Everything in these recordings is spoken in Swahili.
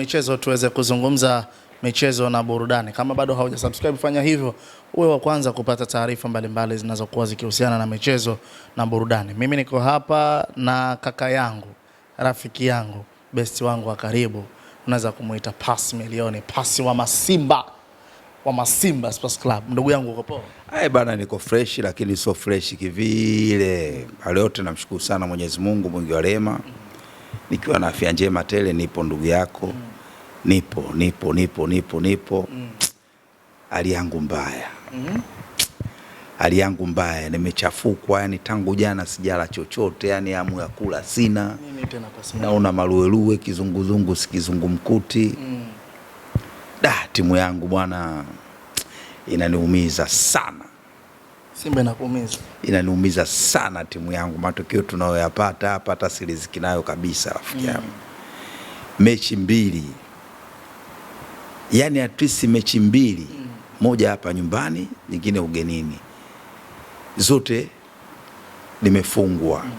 michezo tuweze kuzungumza michezo na burudani. Kama bado hauja subscribe, fanya hivyo uwe wa kwanza kupata taarifa mbalimbali zinazokuwa zikihusiana na michezo na burudani. Mimi niko hapa na kaka yangu, rafiki yangu, besti wangu wa karibu, unaweza kumuita Pasi Milioni, Pasi wa Masimba wa Masimba Sports Club. Ndugu yangu uko poa? Eh bana, niko fresh lakini sio fresh kivile. Leo yote namshukuru sana Mwenyezi Mungu mwingi wa rehema, nikiwa na afya njema tele, nipo ndugu yako mm nipo nipo nipo nipo nipo mm. hali yangu mbaya mm. hali yangu mbaya, nimechafukwa yani, tangu jana sijala chochote yani, hamu ya kula sina, naona maluelue, kizunguzungu sikizungumkuti mm. Da, timu yangu bwana inaniumiza sana Simba inakuumiza, inaniumiza sana timu yangu. Matokeo tunayoyapata hapa hata siriziki nayo kabisa, rafiki mm. yangu mm. mechi mbili yani at least mechi mbili mm. moja hapa nyumbani nyingine ugenini, zote nimefungwa mm.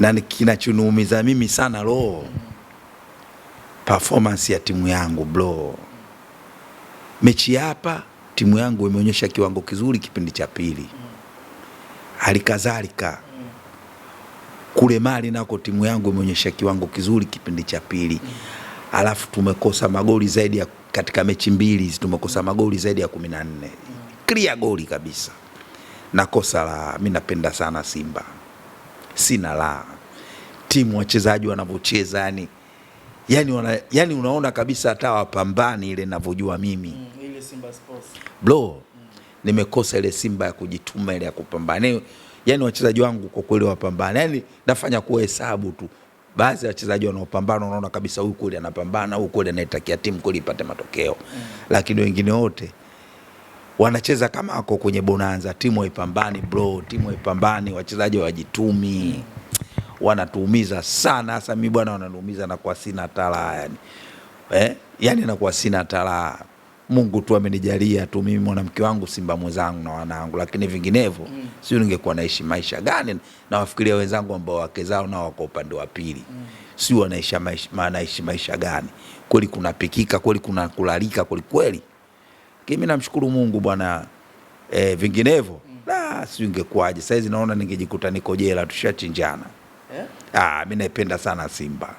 na kinachoniumiza mimi sana loo mm. performance ya timu yangu bro, mechi hapa timu yangu imeonyesha kiwango kizuri kipindi cha pili, mm. halikadhalika mm. kule Mali nako timu yangu imeonyesha kiwango kizuri kipindi cha pili mm alafu tumekosa magoli zaidi ya katika mechi mbili tumekosa magoli zaidi ya kumi na nne clear goli kabisa, na kosa la mi napenda sana Simba, sina la timu wachezaji wanavyocheza yani yani, wana, yani unaona kabisa hata wapambani ile navyojua mimi mm, ile Simba Sports bro mm. nimekosa ile Simba ya kujituma ile ya kupambana yani yaani wachezaji wangu kwa kweli wapambani yani nafanya kuwa hesabu tu baadhi ya wachezaji wanaopambana, unaona kabisa huyu kweli anapambana, huyu kweli anaitakia timu kweli ipate matokeo mm. Lakini wengine wote wanacheza kama wako kwenye bonanza, timu haipambani bro, timu haipambani, wachezaji wajitumi, wanatuumiza sana. Hasa mimi bwana, wananiumiza na kwa sina talaa yani. Eh? Yani kwa sina talaa Mungu tu amenijalia tu mimi mwanamke wangu Simba mwenzangu na wanangu, lakini vinginevyo mm. sio ningekuwa naishi maisha gani? Nawafikiria wenzangu ambao wake zao nao wako upande wa pili mm. sio wanaishi maisha, naishi maisha gani? Kweli kunapikika kweli, kuna kulalika kweli kweli. lakini Mimi namshukuru Mungu bwana e, vinginevyo mm. la sio ingekuwaje saizi, naona ningejikuta niko jela, tushachinjana yeah. Ah, mimi naipenda sana Simba.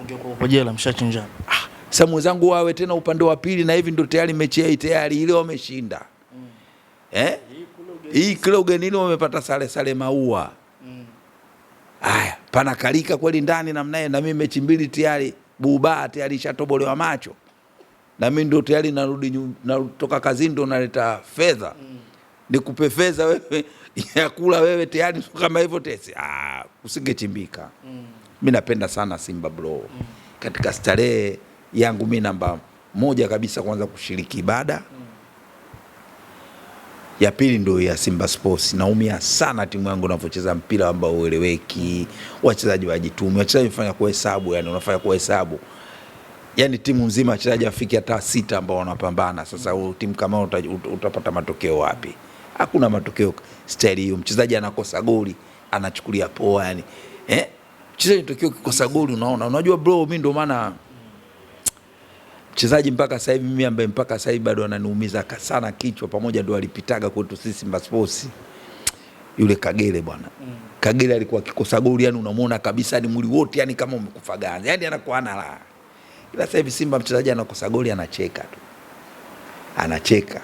Ungekuwa jela mshachinjana ah, sasa mwenzangu wawe tena upande wa pili na hivi ndio tayari mechi yao tayari ile wameshinda. Mm. Eh? Hii kule ugenini wamepata sare sare maua. Mm. Aya, pana kalika kweli ndani na mnaye na mimi mechi mbili tayari buba tayari ishatobolewa macho. Na mimi ndio tayari narudi natoka kazini ndio naleta fedha. Mm. Nikupe fedha wewe ya kula wewe tayari kama hivyo tesi. Ah, usingechimbika. Mm. Mimi napenda sana Simba Bro. Mm. Katika starehe yangu mi namba moja kabisa kwanza kushiriki ibada, ya pili ndio ya Simba Sports. Naumia sana timu yangu inavyocheza mpira ambao ueleweki, wachezaji wajitumi, wachezaji fanya kuhesabu, yani unafanya kuhesabu yani timu nzima wachezaji afike hata sita ambao wanapambana. Sasa timu kama utapata matokeo wapi? Hakuna matokeo staili hiyo. Mchezaji anakosa goli anachukulia poa, yani eh, mchezaji tokio kikosa goli unaona, unajua bro, mimi ndio maana mchezaji mpaka sasa hivi mimi ambaye mpaka sasa hivi bado ananiumiza sana kichwa, pamoja ndo alipitaga kwetu sisi Simba Sports, yule Kagere bwana mm. Kagere alikuwa akikosa goli, yani unamwona kabisa ni mwili wote, yani kama umekufa ganzi, yani anakuwa ana raha. Ila sasa hivi Simba mchezaji anakosa goli anacheka tu, anacheka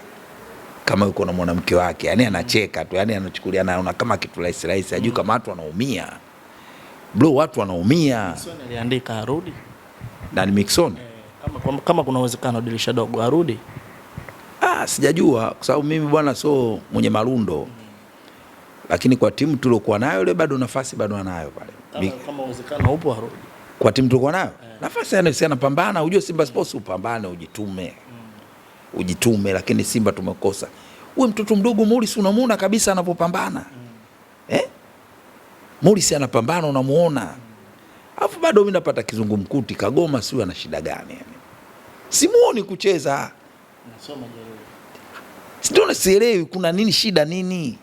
kama yuko na mwanamke wake, yani anacheka tu, yani anachukulia, na una kama kitu rahisi rahisi, ajui mm. kama watu wanaumia bro, watu wanaumia. Mixon Aliandika arudi na Mixon eh kama, kama kuna uwezekano dirisha dogo arudi? Ah, sijajua kwa sababu mimi bwana so mwenye marundo, lakini kwa timu tuliokuwa nayo ile bado nafasi bado anayo pale. Kama uwezekano upo arudi kwa timu tulikuwa nayo yeah. Nafasi yana anapambana unajua Simba Sports upambane, ujitume mm. Ujitume, lakini Simba tumekosa. Uwe mtoto mdogo si unamuona kabisa anapopambana mm. eh? si anapambana unamuona, mm. alafu bado mimi napata kizungumkuti Kagoma, sio ana shida gani yani? simuoni kucheza, sindio? sielewi kuna nini, shida nini?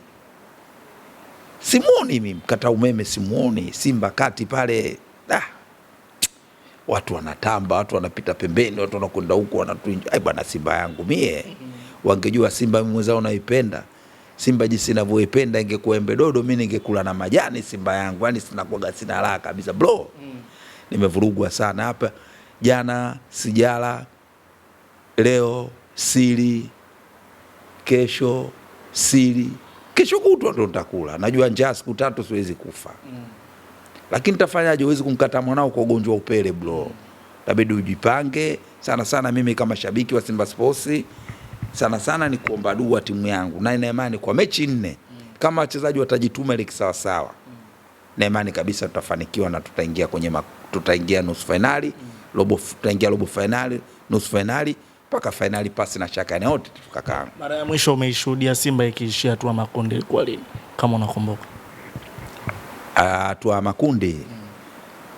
Simuoni mimi mkata umeme, simuoni Simba kati pale ah. Watu wanatamba, watu wanapita pembeni, watu wanakwenda huku, wanatuinja. Ai bwana, Simba yangu mie, mhm. wangejua Simba mwenzao naipenda Simba jinsi ninavyoipenda ingekuwa embe dodo, mimi ningekula na majani Simba yangu. Yani sina kuaga, sina raha kabisa bro. Mm. Nimevurugwa sana hapa jana, sijala leo siri, kesho siri, kesho kutwa ndo nitakula. Najua njaa siku tatu siwezi kufa mm. Lakini tafanyaje? Huwezi kumkata mwanao kwa ugonjwa upele bro, tabidi mm. ujipange sana sana. Mimi kama shabiki wa Simba Sports sana sana ni kuomba dua timu yangu, na ina imani kwa mechi nne mm. kama wachezaji watajituma ile sawa mm. na imani kabisa tutafanikiwa na tutaingia kwenye tutaingia nusu fainali mm. robo tutaingia robo fainali, nusu fainali mpaka fainali pasi na shaka na wote Mara ya mwisho umeishuhudia Simba ikiishia hatua makundi kwa lini kama unakumbuka? Ah, hatua makundi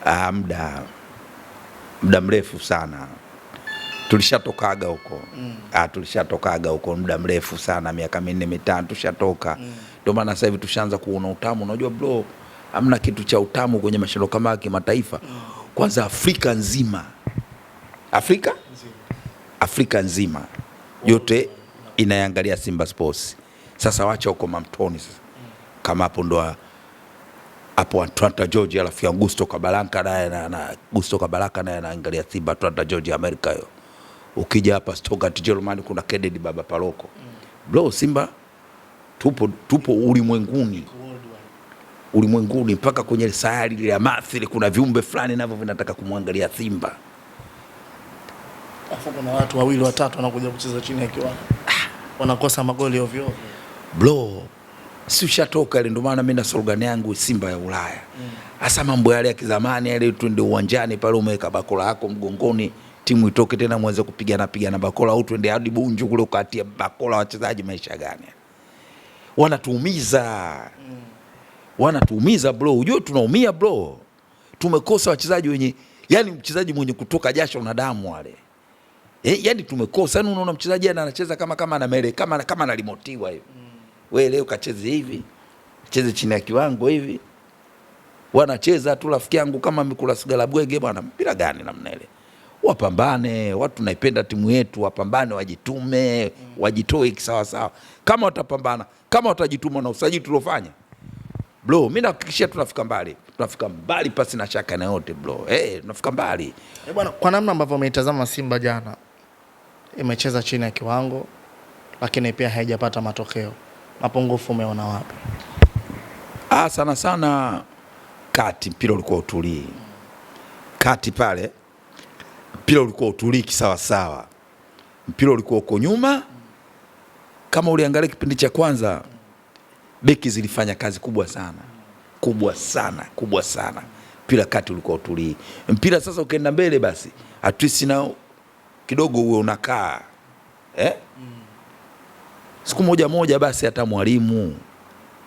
ah, muda muda mrefu sana tulishatokaga huko mm. Ah, tulishatokaga huko muda mrefu sana, miaka minne mitano tushatoka. Mm. Ndio mm. maana sasa hivi tushaanza kuona utamu. Unajua bro, hamna kitu cha utamu kwenye mashindano kama ya kimataifa, mm. kwanza Afrika nzima, Afrika nzima Afrika nzima yote inayangalia Simba Sports. Sasa wacha huko Mamtoni sasa. Kama hapo ndo hapo Atlanta Georgia, alafu Augusto Kabalaka naye na, na Augusto Kabalaka naye anaangalia Simba Atlanta Georgia America hiyo. Ukija hapa Stuttgart Germany kuna Kennedy Baba Paloko. Bro, Simba tupo tupo ulimwenguni ulimwenguni mpaka kwenye sayari ile ya mathili kuna viumbe fulani navyo vinataka kumwangalia Simba. Alafu kuna watu wawili watatu wanakuja kucheza chini ya kiwanja. Wanakosa magoli ovyo ovyo. Bro, si ushatoka ile, ndio maana mimi na slogan yangu Simba ya Ulaya. Hasa mm. mambo yale ya kizamani yale, twende uwanjani pale, umeweka bakola yako mgongoni, timu itoke tena mwanze kupigana pigana bakola, au twende hadi Bunju kule ukatia bakola. Wachezaji maisha gani? Wanatuumiza, wanatuumiza bro, ujue tunaumia bro. Tumekosa wachezaji wenye, yani mchezaji mwenye kutoka jasho na damu wale Eh, yani tumekosa. Yani unaona mchezaji anacheza kama kama anamele kama kama analimotiwa hivi. Mm. Wewe leo kacheze hivi. Cheze chini ya kiwango hivi. Wanacheza tu rafiki yangu kama mikula sigara bwege bwana, mpira gani namna ile? Wapambane, watu naipenda timu yetu, wapambane, wajitume, mm. wajitoe kisawa sawa. Kama watapambana, kama watajituma na usajili tulofanya. Bro, mimi nahakikishia tunafika mbali. Tunafika mbali pasi na shaka na yote bro. Eh, hey, tunafika mbali. Eh, bwana, kwa namna ambavyo umeitazama Simba jana, imecheza chini ya kiwango, lakini pia haijapata matokeo. Mapungufu umeona wapi? Ah, sana sana kati mpira ulikuwa utulii kati pale, mpira ulikuwa utulii kisawasawa, mpira ulikuwa uko nyuma. Kama uliangalia kipindi cha kwanza, beki zilifanya kazi kubwa sana kubwa sana kubwa sana. Mpira kati ulikuwa utulii. Mpira sasa ukienda mbele, basi atwisi na kidogo uwe unakaa eh? mm. siku moja moja basi hata mwalimu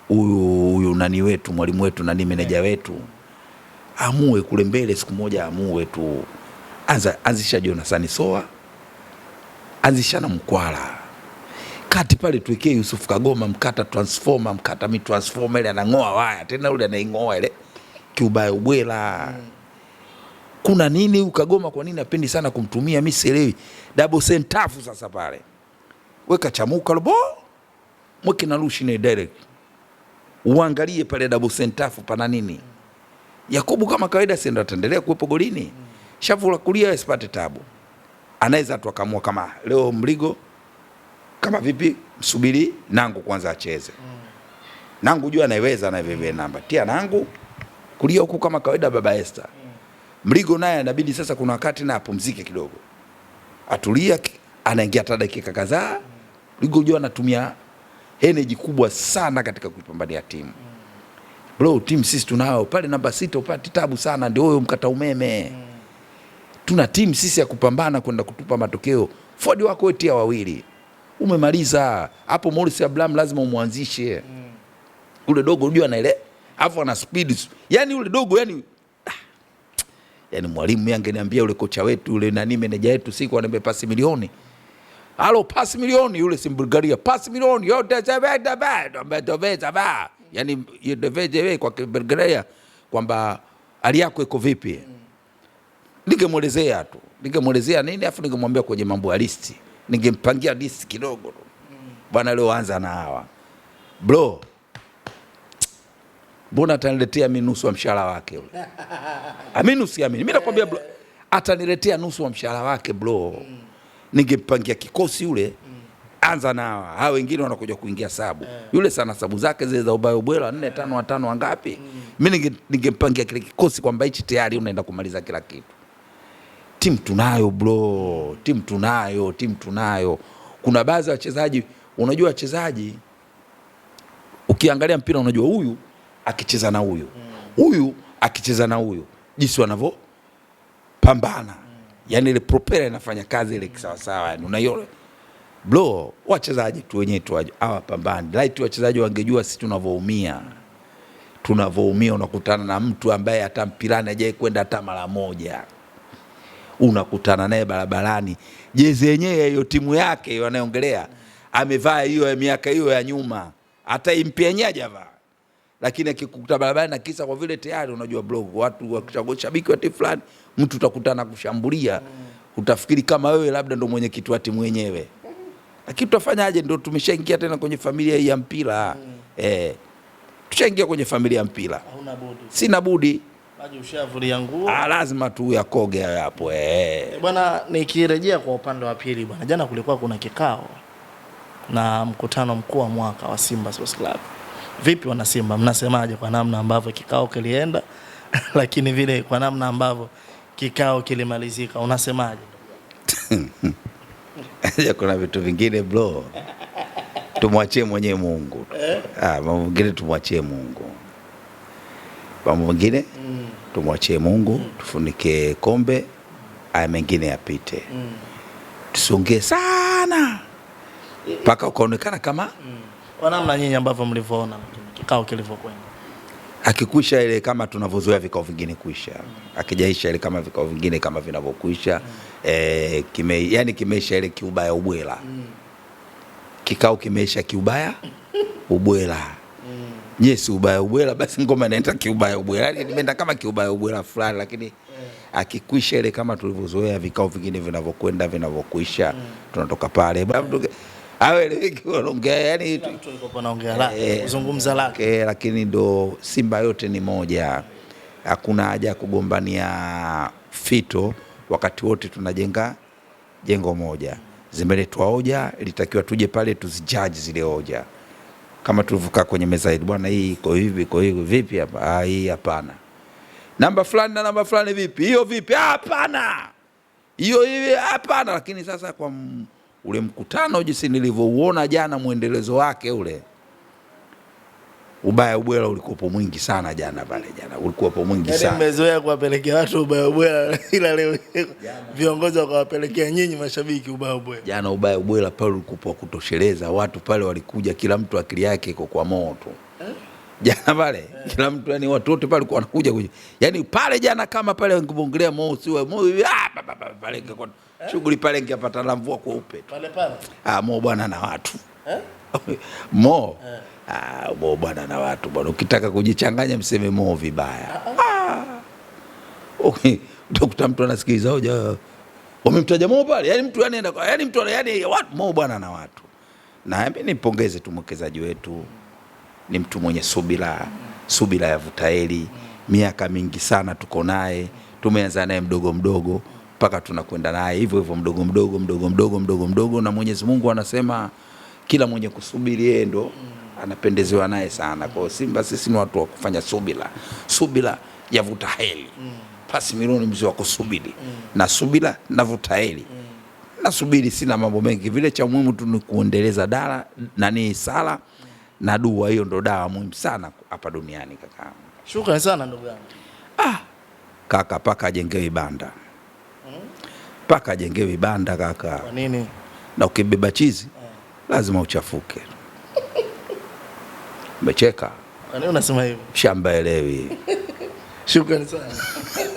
huyu huyu nani wetu mwalimu wetu nani meneja wetu amue kule mbele, siku moja amue tu, anza anzisha Jonathan Soa, anzisha na Mkwala kati pale, tuwekee Yusuf Kagoma, mkata transformer, mkata mi transformer, ile anang'oa waya tena, ule anaing'oa ile kiubaya ubwela mm kuna nini? Ukagoma kwa nini? Apendi sana kumtumia, mimi sielewi. Double send tafu sasa pale, weka chamuka robo mweke na rushi ne direct, uangalie pale double send tafu pana nini. Yakubu kama kawaida, si ndo ataendelea kuwepo golini, shavu la kulia asipate tabu, anaweza tu akamua kama leo mligo kama vipi, msubiri nangu kwanza acheze nangu, jua anaweza na vivyo namba tia nangu kulia huku kama kawaida, baba Esther Mligo naye inabidi sasa, kuna wakati na apumzike kidogo, atulia, anaingia hata dakika kadhaa. Mligo unajua anatumia energy kubwa sana katika kuipambania timu bro. Timu sisi tunayo pale namba sita, upate tabu sana, ndio huyo mkata umeme. Tuna timu sisi ya kupambana kwenda kutupa matokeo. Fodi wako wetia wawili, umemaliza hapo. Morris Abraham lazima umwanzishe ule dogo, unajua anaelewa, afu ana speed, yani ule dogo yani Yani mwalimu yeye angeniambia yule kocha wetu yule nani meneja wetu siku anambia pasi milioni. Halo pasi milioni yule si Bulgaria pasi milioni yote zaveda bado mbedoveza ba. Yani Yaani yedeveje wewe kwa Bulgaria kwamba hali yako iko vipi? Ningemuelezea tu. Ningemuelezea nini afu ningemwambia kwenye mambo ya listi. Ningempangia listi kidogo tu. Mm. Bwana leo anza na hawa. Bro, mbona ataniletea mi nusu wa mshahara wake ule? Amini ah, usiamini, mi nakwambia bro, ataniletea nusu wa mshahara wake bro. Mm. Ningepangia kikosi ule Anza na hawa hawa wengine wanakuja kuingia sabu yeah. Yule sana sabu zake zile za ubayo bwela nne yeah. tano watano wangapi mm. Mi ningempangia kile kikosi kwamba hichi tayari unaenda kumaliza kila kitu. Timu tunayo bro, timu tunayo, timu tunayo. Kuna baadhi ya wachezaji, unajua wachezaji ukiangalia mpira unajua huyu akicheza na huyu huyu akicheza na huyu, jinsi wanavyopambana yani ile propeller inafanya kazi ile kisawasawa, yani unaiona bro, wachezaji tu wenyewe tu pambani Laiti wachezaji wangejua sisi tunavyoumia tunavyoumia. Unakutana na mtu ambaye hata mpirani kwenda hata mara moja, unakutana naye barabarani, jezi yenyewe hiyo timu yake wanaongelea, amevaa hiyo ya miaka hiyo ya nyuma, hata impia nyaja vaa lakini akikukuta barabarani na kisa kwa vile tayari unajua blog watu wakichagua shabiki wa timu fulani, mtu utakutana kushambulia, utafikiri kama wewe labda ndo mwenyekiti wa timu wenyewe, lakini tutafanyaje? Ndo tumeshaingia tena kwenye familia ya mpira mm. Eh, tushaingia kwenye familia ya mpira, sina budi Ah, lazima tu yakoge hapo eh. eh. Bwana, nikirejea kwa upande wa pili bwana, jana kulikuwa kuna kikao na mkutano mkuu wa mwaka wa Simba Sports Club vipi wanasimba, mnasemaje kwa namna ambavyo kikao kilienda lakini vile kwa namna ambavyo kikao kilimalizika unasemaje? Kuna vitu vingine bro, tumwachie mwenyewe Mungu. Eh? Ah, mambo mengine tumwachie Mungu, mambo mengine mm. tumwachie Mungu, mm. tufunike kombe, aya mengine yapite, mm. tusiongee sana mpaka ukaonekana kama kwa namna nyinyi ambavyo mlivyoona kikao kilivyokwenda. Akikwisha ile kama tunavyozoea vikao vingine kuisha, akijaisha ile kama vikao vingine kama vinavyokuisha mm. E, kime, yani kimeisha ile kiubaya ubwela mm. Kikao kimeisha kiubaya ubwela mm. Yes, ubaya ubwela, basi ngoma inaenda kiubaya ubwela, yani nimeenda kama kiubaya ubwela fulani, lakini yeah. Mm. Akikwisha ile kama tulivyozoea vikao vingine vinavyokwenda vinavyokuisha mm. Tunatoka pale yeah haeleweki wanaongea yani, eh, kuzungumza lake, eh, lakini ndo Simba yote ni moja, hakuna haja ya kugombania fito. Wakati wote tunajenga jengo moja. Zimeletwa hoja, ilitakiwa tuje pale tuzijaji zile hoja, kama tulivyokaa kwenye meza hii, bwana, hii iko hivi, iko hivi, vipi hapa? Ah, hii hapana, namba fulani na namba fulani, vipi hiyo, vipi hapana, hiyo hivi hapana. Lakini sasa kwa m ule mkutano jinsi nilivyouona jana, mwendelezo wake ule, ubaya ubwela ulikuwepo mwingi sana jana pale, jana ulikuwepo mwingi yaani sana. Nimezoea kuwapelekea watu ubaya ubwela, ila leo viongozi wakawapelekea nyinyi mashabiki ubaya ubwela. Jana ubaya ubwela pale ulikuwa kutosheleza watu pale, walikuja kila mtu akili yake iko kwa moto eh? jana pale yeah. Kila mtu yani, watu wote pale wanakuja kuja, yani pale jana kama pale wangebongelea Mo siwe Mo ah, pale ingekuwa shughuli pale ingepata la mvua kwa kweupe pale pale. Ah, Mo bwana na watu eh? Mo eh. Ah, Mo bwana na watu bwana, ukitaka kujichanganya mseme Mo vibaya Ah, ah. ah. okay. Utakuta mtu anasikiliza hoja wamemtaja Mo pale, yani mtu anaenda yani mtu yani, watu Mo bwana na watu, na mimi nipongeze tu mwekezaji wetu ni mtu mwenye subira, subira ya vutaeli. Miaka mingi sana tuko naye, tumeanza naye mdogo mdogo mpaka tunakwenda naye hivyo hivyo mdogo mdogo mdogo mdogo mdogo mdogo, na Mwenyezi Mungu anasema kila mwenye kusubiri yeye ndo anapendezewa naye sana. Kwa Simba sisi ni watu wa kufanya subira, subira ya Vutaeli. pasi milioni mzee wa kusubiri na subira na Vutaeli nasubiri, sina mambo mengi vile, cha muhimu tu ni kuendeleza dara nani sala na dua, hiyo ndo dawa muhimu sana hapa duniani kaka. Shukrani sana ndugu yangu. Ah, kaka paka ajengewe banda hmm? Paka ajengewe banda kaka. Kwa nini? Na ukibeba chizi hmm, lazima uchafuke. Mecheka. Kwa nini unasema hivyo? Shamba elewi. Shukrani sana.